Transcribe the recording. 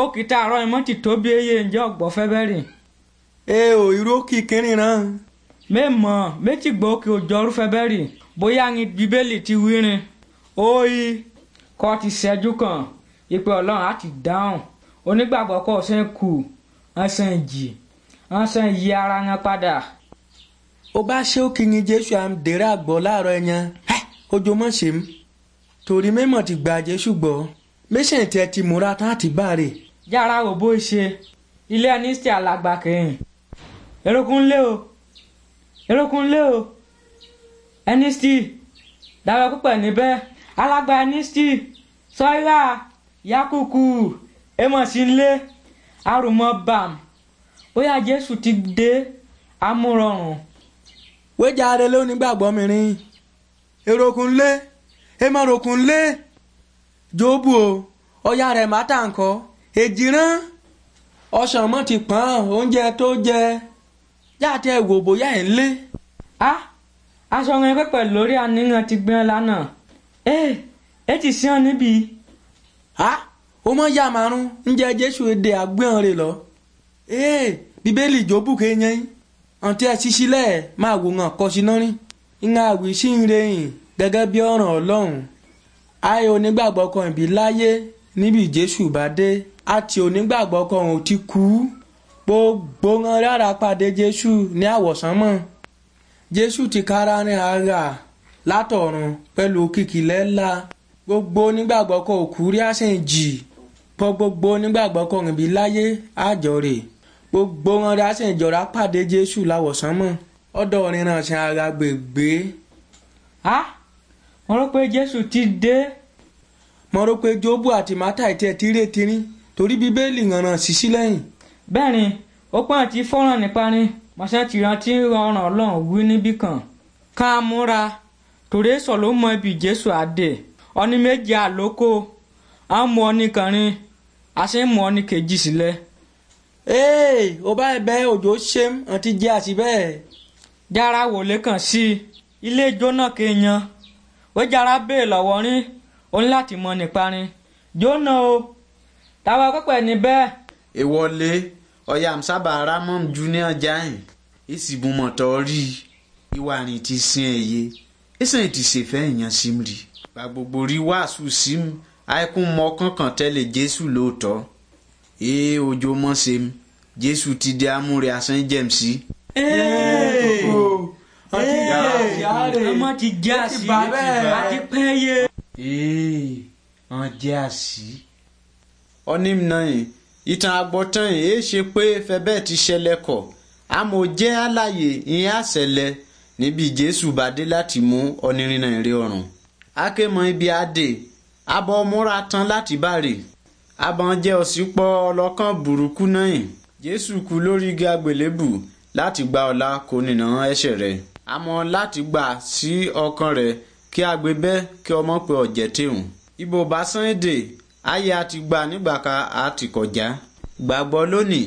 ó kì í tààrọ ìmọ̀ ti tó bí eye ǹjẹ́ ọ̀gbọ́ fẹ́bẹ́rì. ẹ e ò irú kì í kínrin náà. mẹ́mọ̀ méjì gbòókè òjọ́rú fẹ́bẹ́rì bóyá ni bíbélì ti wírin óyí kọ́ ti ṣẹ́jú kan ìpè ọlọ́run á ti dáhùn onígbàgbọ́ kọ́ ṣe ń kù ẹ̀sìn jì ẹ̀sìn yí ara yẹn padà. ó bá ṣe ó kí ni jésù à ń dèrè àgbọ̀ láàárọ̀ ẹ̀yẹn ojú mọ̀ ṣe m torí mẹ́mọ̀ ti gba jésù gbọ́ mẹ́sàn-án ti múra tán àti bá rè é yàrá òbó ṣe ilé ẹnistí alàgbà kẹ́yìn erókúnlé o erókúnlé o ẹnistí dàbẹ púpọ̀ níbẹ̀ alàgbà ẹnistí sọ́yà yakuku emọ̀sínlé arùmọ̀ bam bóyá jésù ti dé amúrọ̀rùn. wéjàre ló nígbàgbọ́ mìíràn erókúnlé emọ̀rọ̀kúnlé jóòbù o ọ̀yà rẹ̀ má tà ń kọ́. èjìrán ọ̀sán mọ́ ti oúnjẹ tó jẹ jáde wò bóyá ẹ̀ lé. a aṣọ rin pẹ́pẹ́ lórí àníyàn ti gbin lánàá ẹ ẹ ti sàn níbi. a ó mọ ya márùn oúnjẹ jésù èdè àgbẹ̀hàn lọ. ẹ bíbélì kéèyàn máa gẹ́gẹ́ bí ọlọrun ayé onígbàgbọ́ kan ìbí láyé níbi Jésù bá dé àti onígbàgbọ́ kan ò ti kú gbogbo wọn rárá pàdé Jésù ní àwọ̀sánmọ̀ Jésù ti kára ní ara látọ̀run pẹ̀lú òkìkí lẹ́la gbogbo onígbàgbọ́ kan ò kú rí àṣẹ̀jì pọ̀ gbogbo onígbàgbọ́ kan rìn bí láyé àjọrè gbogbo wọn rà sì ń jọra pàdé Jésù láwọ̀sánmọ̀ ọ̀dọ̀ ìrìnàṣẹ́ ara gbègbè. a wọ́n rò pé Jésù ti dé mo rò pé Jóbù àti Mátà ìtẹ̀ ti rè tirin torí bíbélì rànràn sísí lẹ́yìn. bẹ́ẹ̀ni ó pọ́n àti fọ́nrán níparí mọ̀ṣẹ́ ti rántí rọrùn ọlọ́run wí níbì kan. ká a múra torí sọ̀lọ́ mọ ibi Jésù àdè ọní méje àlókò à mú ọní kan rin a sì ń mú ọní kejì sílẹ̀. ee ó bá bẹ́ẹ̀ òjò ṣe ń àti jẹ́ àṣìbẹ́ẹ̀. jára wòlé kan sí ilé ìjó náà kéèyàn ó jára bẹ́ẹ̀ lọ́wọ́ rin ó ń láti mọ níparin jóná o táwa pẹ́pẹ́ ní bẹ́ẹ̀. ìwọlé ọ̀yà àmsábà ramon junior jain ìsìbùmọ̀tọ̀ rí ìwà rìn ti sin ẹ̀yẹ ìsìn ti ṣèfẹ́ èèyàn sí mi rí. gba gbogbo rí wàásù sí mi àìkún mọ kankan tẹ́lẹ̀ jésù lóòótọ́ ee ojo mọ́ ṣe mi jésù ti di amúre asán jẹ̀m sí. ọmọ ti já sí ọmọ ti pẹ́ yé ee anje asi onimnayin ìtàn àgbọ̀tán yìí èé ṣe pé fẹ́bẹ́ ti ṣẹlẹ̀ kọ̀ àmọ́ jẹ́ àlàyé ìyẹn àṣẹlẹ̀ níbi jésù bá dé láti mú ọ̀nìrìnà ìrè ọ̀run. akémọ̀ ibi adé abọ́ múra tán láti bàrè abọ́njẹ́ òsínpọ̀ ọlọ́kàn burúkú náà yìí. jésù kú lórí igi àgbélébù láti gba ọ̀la kò nìna ẹ̀ṣẹ̀ rẹ̀ àmọ́ láti gbà sí ọkàn rẹ̀ kí agbebẹ kí ọmọ pé ọ̀jẹ̀ téhùn. ibo bá sán èdè ayé àti gbà nígbà kan àti kọjá. gbàgbọ́ lónìí